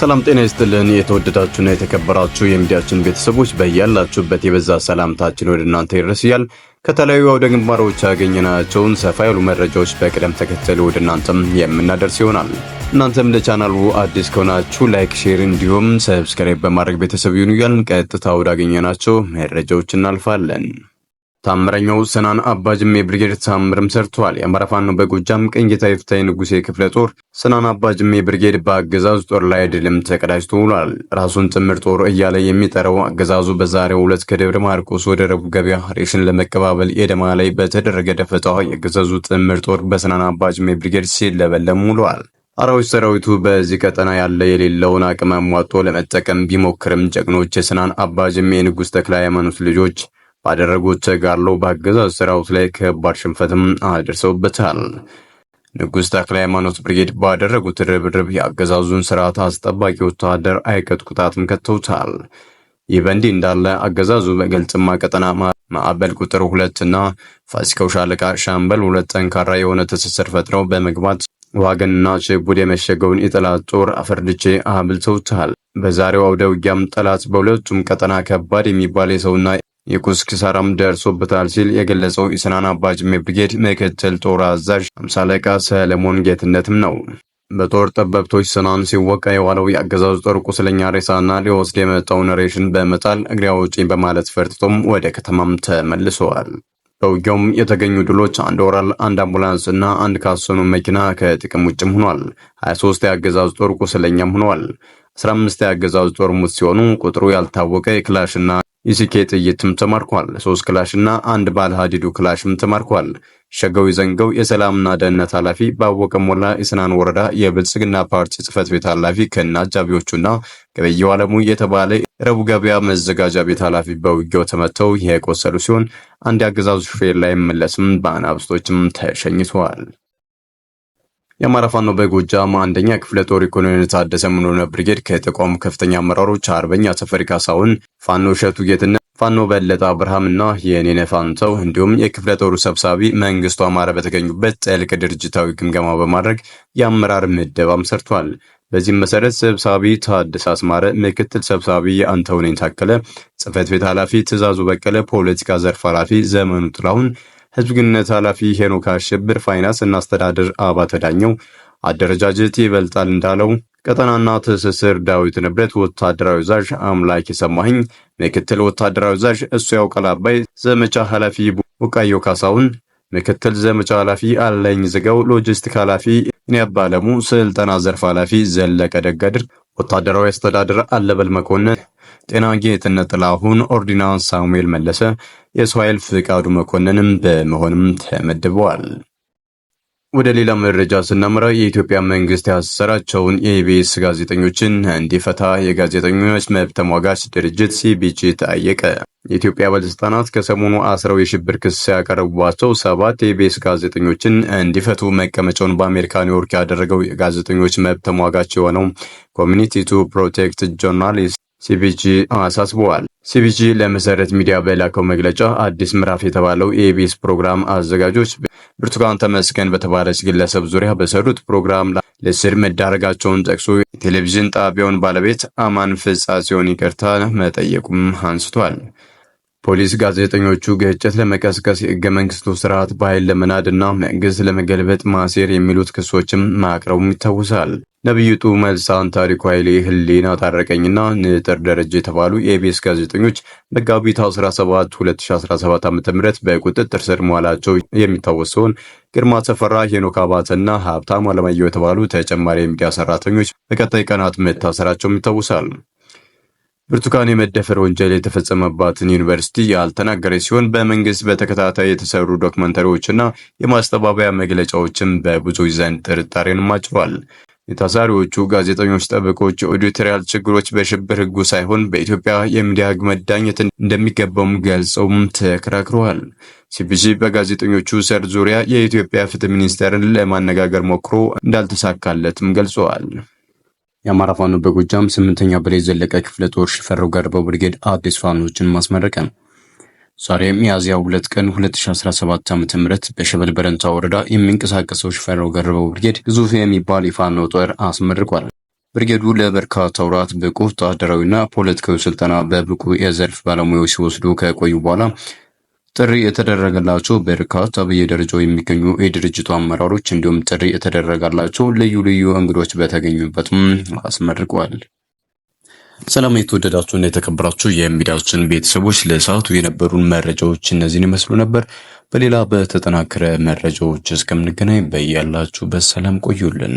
ሰላም ጤና ይስጥልን። የተወደዳችሁና የተከበራችሁ የሚዲያችን ቤተሰቦች በያላችሁበት የበዛ ሰላምታችን ወደ እናንተ ይድረስ እያል ከተለያዩ አውደ ግንባሮች ያገኘናቸውን ሰፋ ያሉ መረጃዎች በቅደም ተከተል ወደ እናንተም የምናደርስ ይሆናል። እናንተም ለቻናሉ አዲስ ከሆናችሁ ላይክ፣ ሼር እንዲሁም ሰብስክራይብ በማድረግ ቤተሰብ ይሁኑ እያልን ቀጥታ ወዳገኘናቸው መረጃዎች እናልፋለን። ታምረኛው ሰናን አባጅሜ ብርጌድ ታምርም ሰርተዋል። የአማራ ፋኖ በጎጃም ቀኝጌታ ይፍታዬ ንጉሴ ክፍለ ጦር ሰናን አባጅሜ ብርጌድ በአገዛዙ ጦር ላይ ድልም ተቀዳጅቶ ውሏል። ራሱን ጥምር ጦር እያለ የሚጠራው አገዛዙ በዛሬው ዕለት ከደብረ ማርቆስ ወደ ረቡዕ ገበያ ሬሽን ለመቀባበል ኤደማ ላይ በተደረገ ደፈጣ የአገዛዙ ጥምር ጦር በሰናን አባጅሜ ብርጌድ ሲለበለም ውሏል። አራዊት ሰራዊቱ በዚህ ቀጠና ያለ የሌለውን አቅም አሟጦ ለመጠቀም ቢሞክርም ጀግኖች የሰናን አባጅሜ የንጉሥ ተክለ ሃይማኖት ልጆች ባደረጉት ተጋድሎ በአገዛዝ ሰራዊት ላይ ከባድ ሽንፈትም አደርሰውበታል። ንጉሥ ተክለ ሃይማኖት ብርጌድ ባደረጉት ርብርብ የአገዛዙን ስርዓት አስጠባቂ ወታደር አይቀጥ ቁጣትም ከተውታል። ይህ በእንዲህ እንዳለ አገዛዙ በገልጽማ ቀጠና ማዕበል ቁጥር ሁለትና ፋሲካው ሻለቃ ሻምበል ሁለት ጠንካራ የሆነ ትስስር ፈጥረው በመግባት ዋገንና ችቡድ የመሸገውን የጠላት ጦር አፈርድቼ አብልተውታል። በዛሬው አውደ ውጊያም ጠላት በሁለቱም ቀጠና ከባድ የሚባል የሰውና የቁስ ኪሳራም ደርሶበታል ሲል የገለጸው ኢስናን አባጅሜ ብርጌድ ምክትል ጦር አዛዥ አምሳለቃ አለቃ ሰለሞን ጌትነትም ነው። በጦር ጠበብቶች ስናን ሲወቃ የዋለው የአገዛዙ ጦር ቁስለኛ ሬሳና ሊወስድ የመጣውን ሬሽን በመጣል እግሬ አውጪኝ በማለት ፈርጥቶም ወደ ከተማም ተመልሰዋል። በውጊያውም የተገኙ ድሎች አንድ ወራል፣ አንድ አምቡላንስ እና አንድ ካሰኑ መኪና ከጥቅም ውጭም ሆኗል። 23 የአገዛዙ ጦር ቁስለኛም ሆኗል። 15 የአገዛዙ ጦር ሙት ሲሆኑ ቁጥሩ ያልታወቀ የክላሽና ኢሲኬ ጥይትም ተማርኳል። ሶስት ክላሽና አንድ ባለ ሀዲዱ ክላሽም ተማርኳል። ሸገው ዘንገው የሰላምና ደህንነት ኃላፊ፣ በአወቀ ሞላ የስናን ወረዳ የብልጽግና ፓርቲ ጽህፈት ቤት ኃላፊ ከነ አጃቢዎቹና ገበየው አለሙ የተባለ ረቡዕ ገበያ መዘጋጃ ቤት ኃላፊ በውጊያው ተመተው የቆሰሉ ሲሆን አንድ የአገዛዙ ሹፌር ላይ መለስም በአናብስቶችም ተሸኝተዋል። የአማራ ፋኖ በጎጃም አንደኛ ክፍለ ጦር ኢኮኖሚ ታደሰ ምንሆነ ብርጌድ ከተቋሙ ከፍተኛ አመራሮች አርበኛ ተፈሪ ካሳውን፣ ፋኖ እሸቱ ጌትና ፋኖ በለጠ አብርሃምና የኔነ ፋንተው እንዲሁም የክፍለ ጦሩ ሰብሳቢ መንግስቱ አማረ በተገኙበት ጥልቅ ድርጅታዊ ግምገማ በማድረግ የአመራር ምደባም ሰርቷል። በዚህም መሰረት ሰብሳቢ ታደሰ አስማረ፣ ምክትል ሰብሳቢ አንተውኔን ታከለ፣ ጽህፈት ቤት ኃላፊ ትእዛዙ በቀለ፣ ፖለቲካ ዘርፍ ኃላፊ ዘመኑ ጥላሁን ህዝብ ግንኙነት ኃላፊ ሄኖክ አሸብር፣ ፋይናንስ እና አስተዳደር አባተ ዳኘው፣ አደረጃጀት ይበልጣል እንዳለው ቀጠናና ትስስር ዳዊት ንብረት፣ ወታደራዊ ዛዥ አምላክ የሰማህኝ፣ ምክትል ወታደራዊ ዛዥ እሱ ያውቃል አባይ፣ ዘመቻ ኃላፊ ቡቃዮ ካሳውን ምክትል ዘመቻ ኃላፊ አለኝ ዝገው ሎጂስቲክ ኃላፊ አባለሙ ስልጠና ዘርፍ ኃላፊ ዘለቀ ደጋድር፣ ወታደራዊ አስተዳደር አለበል መኮንን፣ ጤና ጌትነት ጥላሁን፣ ኦርዲናንስ ሳሙኤል መለሰ የእስራኤል ፍቃዱ መኮንንም በመሆንም ተመድበዋል። ወደ ሌላ መረጃ ስናመራ የኢትዮጵያ መንግስት ያሰራቸውን የኢቢኤስ ጋዜጠኞችን እንዲፈታ የጋዜጠኞች መብት ተሟጋች ድርጅት ሲቢጂ ጠየቀ። የኢትዮጵያ ባለስልጣናት ከሰሞኑ አስረው የሽብር ክስ ያቀረቡባቸው ሰባት የኢቢኤስ ጋዜጠኞችን እንዲፈቱ መቀመጫውን በአሜሪካ ኒውዮርክ ያደረገው የጋዜጠኞች መብት ተሟጋች የሆነው ኮሚኒቲ ቱ ፕሮቴክት ጆርናሊስት ሲቢጂ አሳስበዋል። ሲቢጂ ለመሰረት ሚዲያ በላከው መግለጫ አዲስ ምዕራፍ የተባለው የኢቢኤስ ፕሮግራም አዘጋጆች ብርቱካን ተመስገን በተባለች ግለሰብ ዙሪያ በሰሩት ፕሮግራም ለእስር መዳረጋቸውን ጠቅሶ የቴሌቪዥን ጣቢያውን ባለቤት አማን ፍጻ ሲሆን ይቅርታ መጠየቁም አንስቷል። ፖሊስ ጋዜጠኞቹ ግጭት ለመቀስቀስ፣ የህገ መንግስቱ ስርዓት በኃይል ለመናድ እና መንግስት ለመገልበጥ ማሴር የሚሉት ክሶችም ማቅረቡም ይታወሳል። ነቢዩ ጡ መልሳን፣ ታሪኩ ኃይሌ፣ ህሊና ታረቀኝና ንጥር ደረጀ የተባሉ የኢቢኤስ ጋዜጠኞች መጋቢት 17 2017 ዓ ም በቁጥጥር ስር መዋላቸው የሚታወስ ሲሆን ግርማ ተፈራ፣ ሄኖክ አባተና ሀብታም አለማየሁ የተባሉ ተጨማሪ የሚዲያ ሰራተኞች በቀጣይ ቀናት መታሰራቸውም ይታወሳል። ብርቱካን የመደፈር ወንጀል የተፈጸመባትን ዩኒቨርሲቲ ያልተናገረ ሲሆን በመንግስት በተከታታይ የተሰሩ ዶክመንተሪዎችና የማስተባበያ መግለጫዎችም በብዙዎች ዘንድ ጥርጣሬን ማጭሯል። የታሳሪዎቹ ጋዜጠኞች ጠበቆች የኦዲቶሪያል ችግሮች በሽብር ህጉ ሳይሆን በኢትዮጵያ የሚዲያ ህግ መዳኘት እንደሚገባውም ገልጸውም ተከራክረዋል። ሲፒጂ በጋዜጠኞቹ ሰር ዙሪያ የኢትዮጵያ ፍትህ ሚኒስቴርን ለማነጋገር ሞክሮ እንዳልተሳካለትም ገልጸዋል። የአማራ ፋኖ በጎጃም ስምንተኛ በላይ ዘለቀ ክፍለ ጦር ሽፈራው ጋር በብርጌድ አዲስ ፋኖችን ማስመረቀ ነው። ዛሬ ሚያዝያ ሁለት ቀን 2017 ዓ.ም በሸበል በረንታ ወረዳ የሚንቀሳቀሰው ሽፈሮ ገርበው ብርጌድ ግዙፍ የሚባል የፋኖ ጦር አስመርቋል። ብርጌዱ ለበርካታ ወራት ብቁ ወታደራዊና ፖለቲካዊ ስልጠና በብቁ የዘርፍ ባለሙያዎች ሲወስዱ ከቆዩ በኋላ ጥሪ የተደረገላቸው በርካታ በየደረጃው የሚገኙ የድርጅቱ አመራሮች እንዲሁም ጥሪ የተደረገላቸው ልዩ ልዩ እንግዶች በተገኙበትም አስመርቀዋል። ሰላም እና የተከበራችሁ የሚዲያችን ቤተሰቦች ለሰዓቱ የነበሩን መረጃዎች እነዚህን ይመስሉ ነበር። በሌላ በተጠናከረ መረጃዎች እስከምንገናኝ በያላችሁበት ሰላም ቆዩልን።